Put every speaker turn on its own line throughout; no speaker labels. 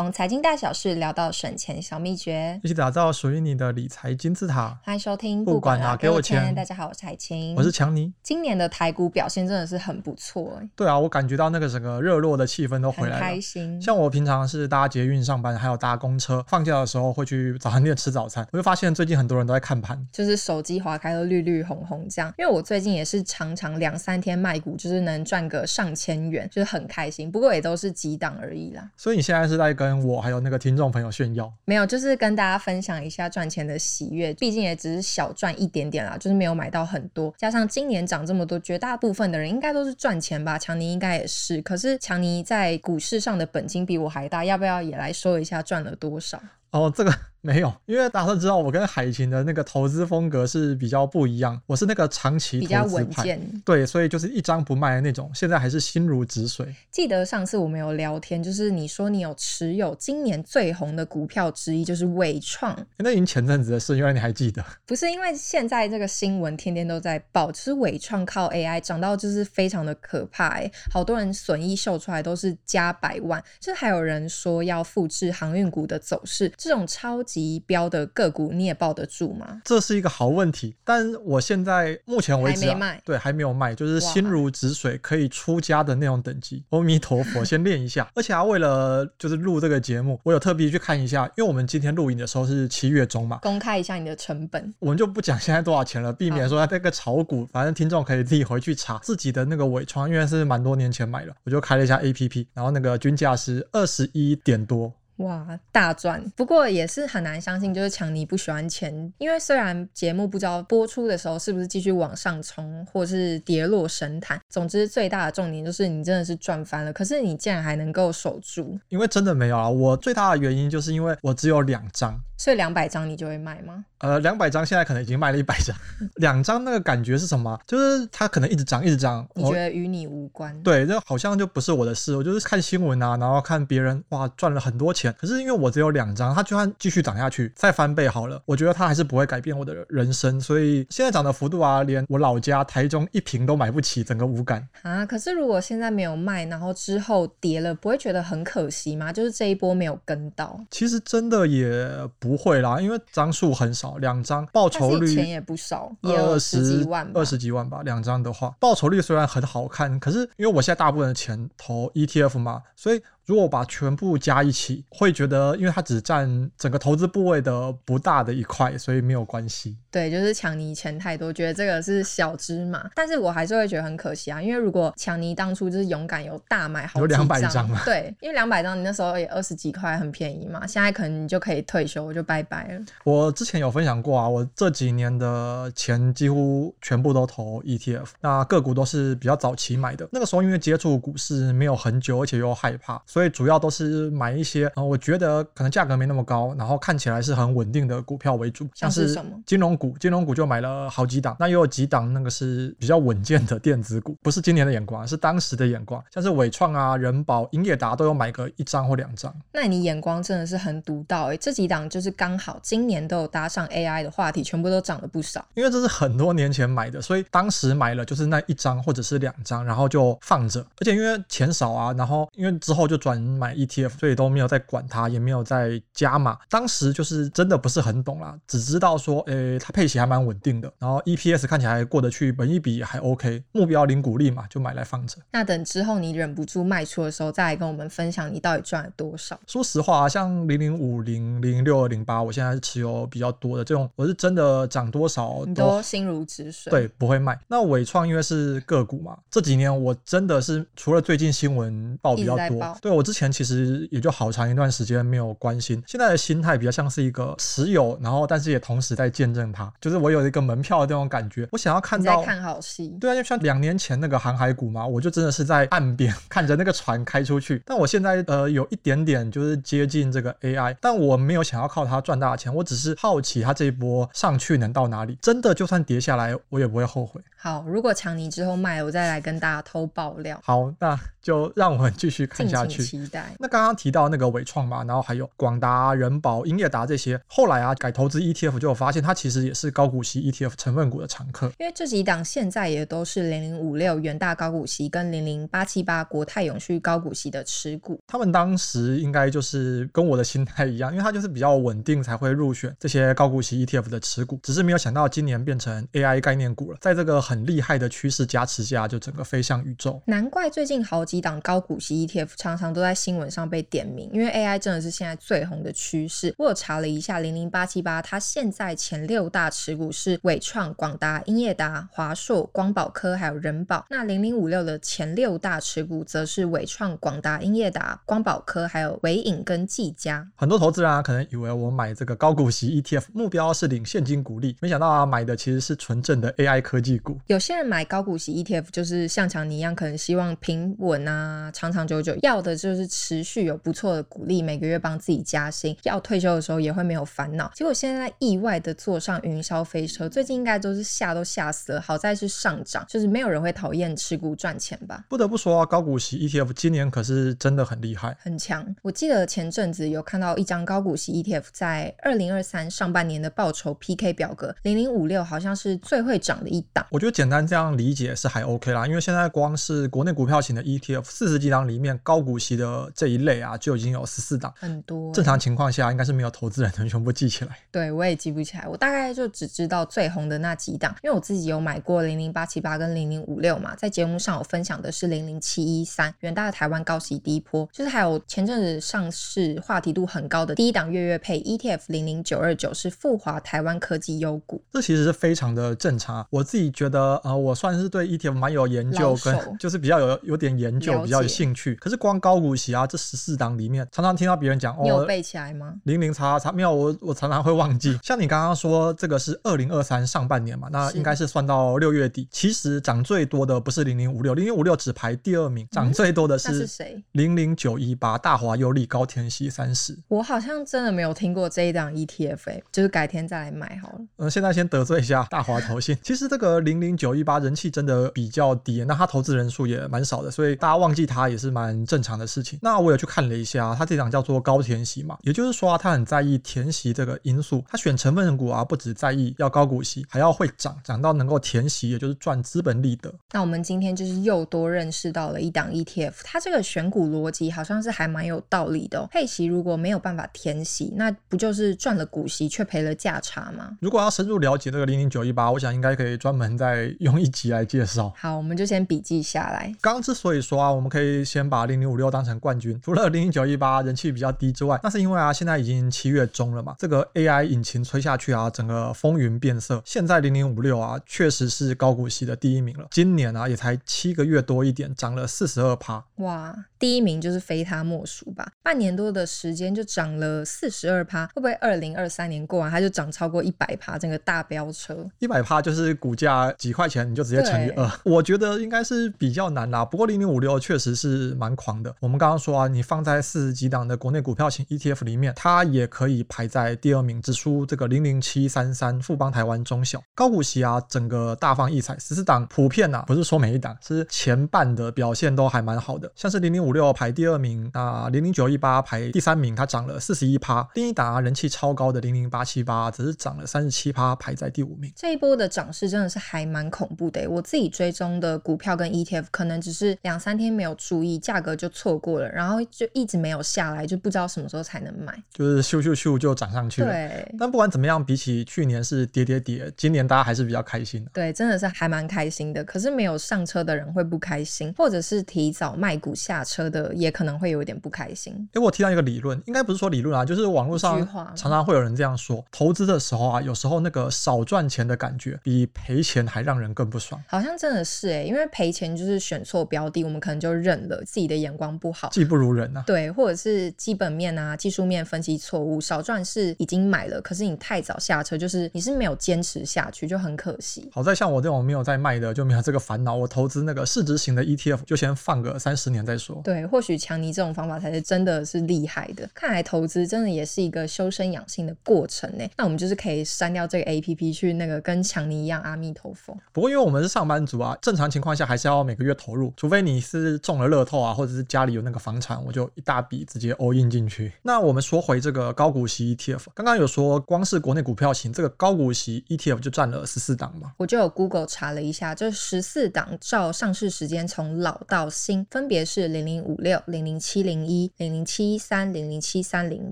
從財經大小事聊到省錢小秘訣，
一起打造屬於你的理財金字塔。
歡迎收聽，不管他、啊啊，給我錢！大家好，我是海晴，我是強尼。今年的台股表現真的是很不錯。
欸，對啊，我感覺到那個整個熱絡的氣氛都回來了，開心。像我平常是搭捷運上班，還有搭公車，放假的時候會去早餐店吃早餐，我就發現最近很多人都在看盤，就是
手機滑開了綠綠紅紅這樣。因為我最近也是常常兩三天賣股，就是能賺個上千元，就是很開心。不過也都是幾檔而已啦。
所以你現在是在跟跟我還有那個聽眾朋友炫耀？
沒有，就是跟大家分享一下賺錢的喜悅。畢竟也只是小賺一點點啦，就是沒有買到很多。加上今年漲這麼多，絕大部分的人應該都是賺錢吧，強尼應該也是。可是強尼在股市上的本金比我還大，要不要也來說一下賺了多少？
哦，這個。沒有，因為大家都知道我跟海晴的那個投資風格是比較不一樣，我是那個長期投資比較穩健，對，所以就是一張不賣的那種，現在還是心如止水。
記得上次我們有聊天，就是你說你有持有今年最紅的股票之一，就是緯創。
那已經前陣子的事，因為你還記得？
不是，因為現在這個新聞天天都在報，其實緯創靠 AI 漲到就是非常的可怕，哎，好多人損益秀出來都是加百萬，就是、還有人說要複製航運股的走勢，這種超。級標的個股你也抱得住嗎？
這是一個好問題，但我現在目前為止、啊，還沒賣，對，還沒有賣，就是心如止水，可以出家的那種等級。阿彌陀佛，先練一下。 而且啊，為了就是錄這個節目，我有特別去看一下，因為我們今天錄影的時候是七月中嘛，
公開一下你的成本。
我們就不講現在多少錢了，避免說這個炒股，哦、反正聽眾可以自己回去查自己的那個尾窗，因為是蠻多年前買了，我就開了一下 APP，然後那個均價是二十一點多。
哇，大賺！不過也是很難相信，就是強尼不喜歡錢，因為雖然節目不知道播出的時候是不是繼續往上衝或是跌落神壇，總之最大的重點就是你真的是賺翻了，可是你竟然還能夠守住，
因為真的沒有啊！我最大的原因就是因為我只有兩張。
所以兩百張你就會賣嗎？
呃，兩百張現在可能已經賣了一百張， 兩張那個感覺是什麼？就是它可能一直漲，一直漲。哦，你覺得
與你無關？
對，就好像就不是我的事。我就是看新聞啊，然後看別人哇賺了很多錢，可是因為我只有兩張，它就算繼續漲下去，再翻倍好了，我覺得它還是不會改變我的人生。所以現在漲的幅度啊，連我老家台中一坪都買不起，整個無感
啊。可是如果現在沒有賣，然後之後跌了，不會覺得很可惜嗎？就是這一波沒有跟到。
其實真的也不。不會啦，因為張數很少，兩張報酬率20，也
不少，二十
萬二十幾萬吧。兩張的話，報酬率雖然很好看，可是因為我現在大部分的錢投 ETF 嘛，所以。如果把全部加一起，會覺得因為它只占整個投資部位的不大的一塊，所以沒有關係。
對，就是強尼錢太多，覺得這個是小芝麻，但是我還是會覺得很可惜啊。因為如果強尼當初就是勇敢有大買好幾張，好有兩百張嘛。對，因為兩百張你那時候也二十幾塊很便宜嘛，現在可能你就可以退休，我就拜拜了。
我之前有分享過啊，我這幾年的錢幾乎全部都投 ETF，那個股都是比較早期買的，那個時候因為接觸股市沒有很久，而且又害怕。所以主要都是買一些，呃，然後我覺得可能價格沒那麼高，然後看起來是很穩定的股票為主，像是什麼金融股，金融股就買了好幾檔，那又有幾檔那個是比較穩健的電子股，不是今年的眼光，是當時的眼光，像是緯創啊、仁寶、英業達都有買個一張或兩張。
那你眼光真的是很獨到誒、欸，這幾檔就是剛好今年都有搭上 AI 的話題，全部都漲了不少。
因為這是很多年前買的，所以當時買了就是那一張或者是兩張，然後就放着，而且因為錢少啊，然後因為之後就。轉買 ETF，所以都沒有在管它，也沒有在加碼。當時就是真的不是很懂啦，只知道說，哎、欸，它配息還蠻穩定的，然後 EPS 看起來過得去，本益比還 OK，目標零股利嘛，就買來放着。那
等之後你忍不住賣出的時候，再來跟我們分享你到底賺了多少。
說實話、啊，像零零五零零六二零八，我現在是持有比較多的這種，我是真的漲多少都多
心如止水，對，
不會賣。那緯創因為是個股嘛，這幾年我真的是除了最近新聞報比較多。我之前其實也就好長一段時間沒有關心，現在的心態比較像是一個持有，然後但是也同時在見證它，就是我有一個門票的那種感覺，我想要看到你在看好戲。對啊，就像兩年前那個航海股嘛，我就真的是在岸邊看着那個船開出去。嗯，但我現在呃有一點點就是接近這個 AI，但我沒有想要靠它賺大錢，我只是好奇它這一波上去能到哪裡。真的就算跌下來，我也不會後悔。
好，如果強尼之後賣了，我再來跟大家偷爆料。
好，那就讓我們繼續看下去。期待。那剛剛提到那個緯創嘛，然後還有廣達、仁寶、英業達這些，後來啊改投資 ETF 就有發現，它其實也是高股息 ETF 成分股的常客。因
為這幾檔現在也都是零零五六元大高股息、跟零零八七八國泰永續高股息的持股。
他們當時應該就是跟我的心態一樣，因為它就是比較穩定，才會入選這些高股息 ETF 的持股。只是沒有想到今年變成 AI 概念股了，在這個。很厲害的趨勢加持下，就整個飛向宇宙。
難怪最近好幾檔高股息 ETF 常常都在新聞上被點名，因為 AI 真的是現在最紅的趨勢。我有查了一下，零零八七八它現在前六大持股是緯創、廣達、英業達、華碩、光寶科還有仁寶。那零零五六的前六大持股則是緯創、廣達、英業達、光寶科還有緯穎跟技嘉。
很多投資人啊，可能以為我買這個高股息 ETF，目標是領現金股利，沒想到啊，買的其實是純正的 AI 科技股。
有些人買高股息 ETF 就是像強尼一樣，可能希望平穩啊，長長久久，要的就是持續有不錯的股利，每個月幫自己加薪，要退休的時候也會沒有煩惱。結果現在意外的坐上雲霄飛車，最近應該都是嚇都嚇死了，好在是上漲，就是沒有人會討厭持股賺錢吧。
不得不說啊，高股息 ETF 今年可是真的很厲害，
很強。我記得前陣子有看到一張高股息 ETF 在二零二三上半年的報酬 PK 表格，零零五六好像是最會漲的一
檔，我覺得。簡單這樣理解是還 OK 啦，因為現在光是國內股票型的 ETF，四十幾檔裡面高股息的這一類啊，就已經有十四檔，很多、欸。正常情況下，應該是沒有投資人能全部記起來。
對，我也記不起來，我大概就只知道最紅的那幾檔，因為我自己有買過零零八七八跟零零五六嘛，在節目上我分享的是零零七一三元大的台灣高息低波，就是還有前陣子上市話題度很高的第一檔月月配 ETF 零零九二九是復華台灣科技優股，
這其實是非常的正常，我自己覺得。呃呃，我算是對 ETF 蠻有研究，跟就是比較有有點研究，了解 比較有興趣。可是光高股息啊，這十四檔裡面，常常聽到別人講哦，你有背起來嗎？零零叉叉，沒有，我我常常會忘記。嗯、像你剛剛說這個是二零二三上半年嘛，那應該是算到六月底。是 其實漲最多的不是零零五六，零零五六只排第二名，漲最多的是誰、嗯？零零九一八大華優利高天息三十。
我好像真的沒有聽過這一檔 ETF，、欸、就是改天再來買好了。
呃，現在先得罪一下大華投信。其實這個零零。九一八人氣真的比較低，那他投資人數也蠻少的，所以大家忘記他也是蠻正常的事情。那我也去看了一下，他這檔叫做高填息嘛，也就是說、啊，他很在意填息這個因素，他選成分股啊，不只在意要高股息，還要會漲，漲到能夠填息，也就是賺資本利得。
那我們今天就是又多認識到了一檔 ETF，他這個選股邏輯好像是還蠻有道理的、哦。配息如果沒有辦法填息，那不就是賺了股息卻賠了價差嗎？
如果要深入了解這個零零九一八，我想應該可以專門在用一集來介紹。
好，我們就先筆記下來。剛
剛之所以說啊，我們可以先把零零五六當成冠軍，除了零零九一八人氣比較低之外，那是因為啊，現在已經七月中了嘛。這個 AI 引擎吹下去啊，整個風雲變色。現在零零五六啊，確實是高股息的第一名了。今年啊，也才七個月多一點，漲了四十二趴。
哇，第一名就是非他莫屬吧？半年多的時間就漲了四十二趴，會不會二零二三年過完，它就漲超過一百趴，整個大飆車？
一百趴就是股價。幾塊錢你就直接乘以二對， 我覺得應該是比較難啦。不過零零五六確實是蠻狂的。我們剛剛說啊，你放在四十幾檔的國內股票型 ETF 裡面，它也可以排在第二名。只輸這個零零七三三富邦台灣中小高股息啊，整個大放異彩，十四檔普遍吶、啊，不是說每一檔，是前半的表現都還蠻好的。像是零零五六排第二名啊，零零九一八排第三名它，它漲了四十一趴。第一檔啊人氣超高的零零八七八只是漲了三十七趴，排在第五名。
這一波的漲勢真的是還。蠻恐怖的、欸，我自己追蹤的股票跟 ETF，可能只是兩三天沒有注意，價格就錯過了，然後就一直沒有下來，就不知道什麼時候才能買。
就是咻咻咻就漲上去了。對。但不管怎麼樣，比起去年是跌跌跌，今年大家還是比較開心的、啊。
對，真的是還蠻開心的。可是沒有上車的人會不開心，或者是提早賣股下車的，也可能會有一點不開心。
哎、欸，我提到一個理論，應該不是說理論啊，就是網絡上常常會有人這樣說，嗯、投資的時候啊，有時候那個少賺錢的感覺比賠錢還。讓人更不爽，
好像真的是誒、欸，因為賠錢就是選錯標的，我們可能就認了自己的眼光不好，技
不如人啊，
對，或者是基本面啊、技術面分析錯誤，少賺是已經買了，可是你太早下車，就是你是沒有堅持下去，就很可惜。
好在像我這種沒有在賣的，就沒有這個煩惱。我投資那個市值型的 ETF，就先放個三十年再說。
對，或許強尼這種方法才是真的是厲害的。看來投資真的也是一個修身養性的過程呢、欸。那我們就是可以刪掉這個 APP，去那個跟強尼一樣阿彌陀佛。
不過因為我們是上班族啊，正常情況下還是要每個月投入，除非你是中了樂透啊，或者是家裡有那個房產，我就一大筆直接 all in 進去。那我們說回這個高股息 ETF，剛剛有說光是國內股票型這個高股息 ETF 就占了十四檔嘛，
我就有 Google 查了一下，這十四檔照上市時間從老到新分別是零零五六、零零七零一、零零七一三、零零七三零、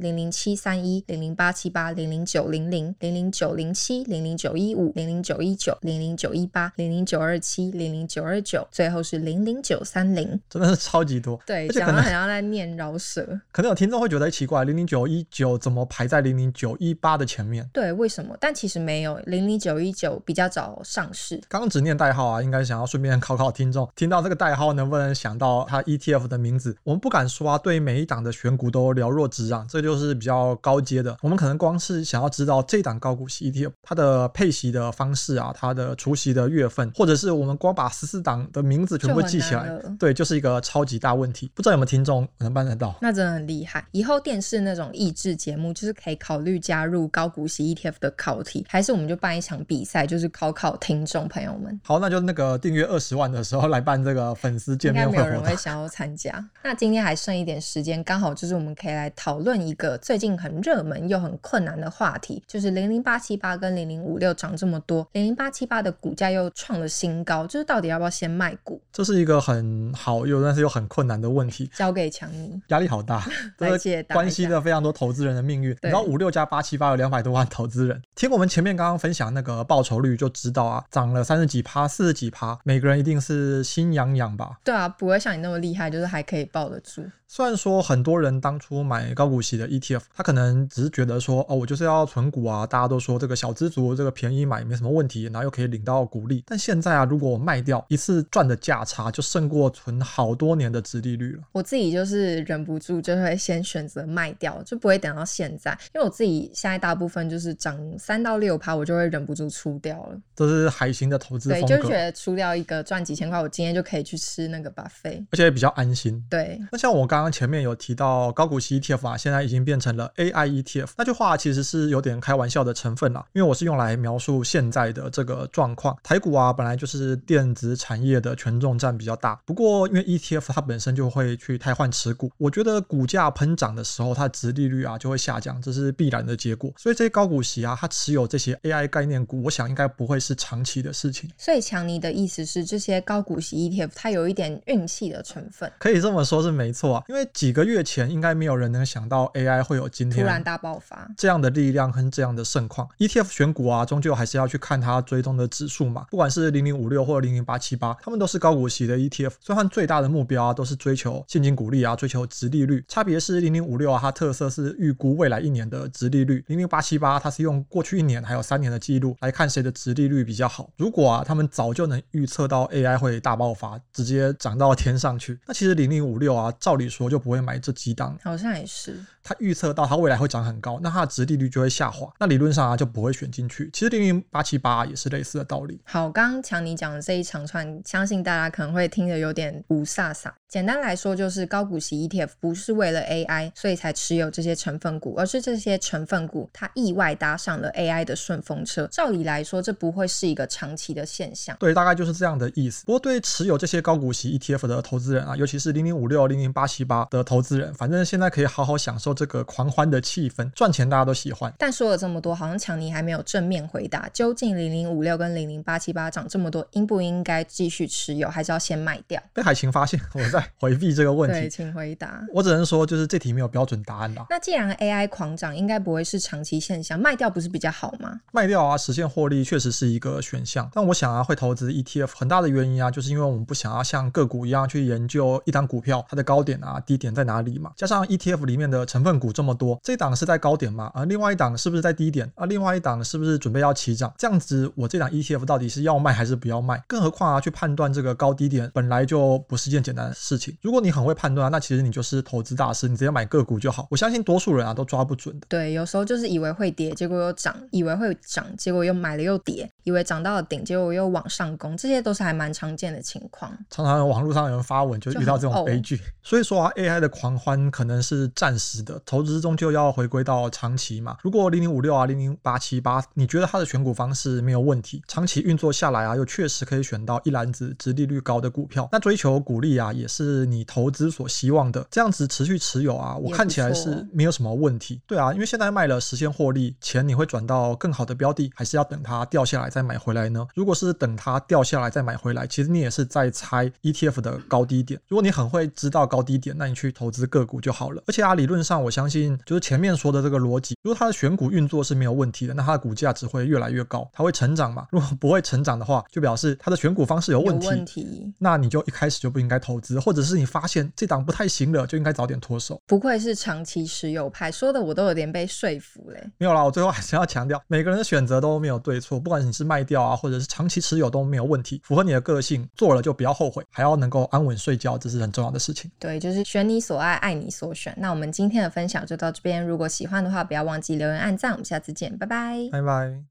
零零七三一、零零八七八、零零九零零、零零九零七、零零九一五、零零九一九、零零九。九一八零零九二七零零九二九，18, 27, 29, 最後是零零九三零，
真的是超級多。對，講的很
像在念饒舌。
可能有聽眾會覺得奇怪，零零九一九怎麼排在零零九一八的前面？
對，為什麼？但其實沒有，零零九一九比較早上市。剛
剛只念代號啊，應該想要順便考考聽眾，聽到這個代號能不能想到它 ETF 的名字？我們不敢說、啊，對每一檔的選股都瞭若指掌、啊，這就是比較高階的。我們可能光是想要知道這檔高股息 ETF 它的配息的方式啊，它的除。的月份，或者是我們光把十四檔的名字全部記起來了，對，就是一個超級大問題。不知道有沒有聽眾能辦得到？
那真的很厲害。以後電視那種益智節目，就是可以考慮加入高股息 ETF 的考題，還是我們就辦一場比賽，就是考考聽眾朋友們。
好，那就那個訂閱二十萬的時候來辦這個粉絲見面會，應該沒有人會
想要參加。 那今天還剩一點時間，剛好就是我們可以來討論一個最近很熱門又很困難的話題，就是零零八七八跟零零五六漲這麼多，零零八七八的股。股價又創了新高，就是到底要不要先賣股？
這是一個很好又但是又很困難的問題。
交給強尼，
壓力好大，來 解答關係了非常多投資人的命運。對你知道五六加八七八有兩百多萬投資人，聽我們前面剛剛分享那個報酬率就知道啊，漲了三十幾趴、四十幾趴，每個人一定是心癢癢吧？
對啊，不會像你那麼厲害，就是還可以抱得住。
雖然說很多人當初買高股息的 ETF，他可能只是覺得說，哦，我就是要存股啊。大家都說這個小資族這個便宜買沒什麼問題，然後又可以領到股利。但現在啊，如果我賣掉一次賺的價差，就勝過存好多年的殖利率了。
我自己就是忍不住就會先選擇賣掉，就不會等到現在，因為我自己現在大部分就是漲三到六趴，我就會忍不住出掉了。
這是海晴的投資風格。對，就是覺得
出掉一個賺幾千塊，我今天就可以去吃那個 buffet，
而且也比較安心。對。那像我剛。剛剛前面有提到高股息 ETF 啊，現在已經變成了 AI ETF。那句話其實是有點開玩笑的成分了，啊，因為我是用來描述現在的這個狀況。台股啊，本來就是電子產業的權重占比較大。不過，因為 ETF 它本身就會去汰換持股，我覺得股價噴漲的時候，它的殖利率啊就會下降，這是必然的結果。所以這些高股息啊，它持有這些 AI 概念股，我想應該不會是長期的事情。
所以強尼的意思是，這些高股息 ETF 它有一點運氣的成分，
可以這麼說，是沒錯，啊。因為幾個月前，應該沒有人能想到 AI 會有今天突然大爆發這樣的力量跟這樣的盛況。ETF 選股啊，終究還是要去看它追蹤的指數嘛。不管是零零五六或零零八七八，他們都是高股息的 ETF，所以它最大的目標啊，都是追求現金股利啊，追求殖利率。差別是零零五六啊，它特色是預估未來一年的殖利率；零零八七八，它是用過去一年還有三年的記錄來看誰的殖利率比較好。如果啊，他們早就能預測到 AI 會大爆發，直接漲到天上去，那其實零零五六啊，照理說。我就不會買這幾檔，
好像也是。
他預測到它未來會漲很高，那它的殖利率就會下滑，那理論上啊就不會選進去。其實零零八七八也是類似的道理。
好，剛強尼講的這一長串，相信大家可能會聽得有點霧煞煞。簡單來說，就是高股息 ETF 不是為了 AI 所以才持有這些成分股，而是這些成分股它意外搭上了 AI 的順風車。照理來說，這不會是一個長期的現象。對，
大概就是這樣的意思。不過對持有這些高股息 ETF 的投資人啊，尤其是零零五六零零八七八。的投資人，反正現在可以好好享受這個狂歡的氣氛，賺錢大家都喜歡。
但說了這麼多，好像強尼還沒有正面回答，究竟零零五六跟零零八七八漲這麼多，應不應該繼續持有，還是要先賣掉？
被海晴發現我在回避這個問題， 對，
請回答。我
只能說，就是這題沒有標準答案啦。
那既然 AI 狂漲，應該不會是長期現象，賣掉不是比較好嗎？
賣掉啊，實現獲利確實是一個選項。但我想啊，會投資 ETF 很大的原因啊，就是因為我們不想要像個股一樣去研究一檔股票它的高點啊，低點在哪裡嘛？加上 ETF 裡面的成分股這麼多，這檔是在高點嘛？而、啊、另外一檔是不是在低點？而、啊、另外一檔是不是準備要起漲？這樣子，我這檔 ETF 到底是要賣還是不要賣？更何況啊，去判斷這個高低點本來就不是件簡單的事情。如果你很會判斷、啊、那其實你就是投資大師，你直接買個股就好。我相信多數人啊都抓不準的。
對，有時候就是以為會跌，結果又漲；以為會漲，結果又買了又跌；以為漲到了頂，結果又往上攻。這些都是還蠻常見的情況。
常常網絡上有人發文就遇到這種悲劇，所以說啊。AI 的狂歡可能是暫時的，投資終究要回歸到長期嘛。如果零零五六啊，零零八七八，你覺得它的選股方式沒有問題，長期運作下來啊，又確實可以選到一籃子殖利率高的股票，那追求股利啊，也是你投資所希望的。這樣子持續持有啊，我看起來是沒有什麼問題。對啊，因為現在賣了實現獲利，錢你會轉到更好的標的，還是要等它掉下來再買回來呢？如果是等它掉下來再買回來，其實你也是在猜 ETF 的高低點。如果你很會知道高低點。那你去投資個股就好了，而且啊，理論上我相信就是前面說的這個邏輯，如果他的選股運作是沒有問題的，那他的股價只會越來越高，他會成長嘛？如果不會成長的話，就表示他的選股方式有問題。那你就一開始就不應該投資，或者是你發現這檔不太行了，就應該早點脫手。
不愧是長期持有派，說的我都有點被說服嘞。
沒有啦，我最後還是要強調，每個人的選擇都沒有對錯，不管你是賣掉啊，或者是長期持有都沒有問題，符合你的個性，做了就不要後悔，還要能夠安穩睡覺，這是很重要的事情。
對，就是。選你所愛，愛你所選。那我們今天的分享就到這邊。如果喜歡的話，不要忘記留言、按贊。我們下次見，拜拜，
拜拜。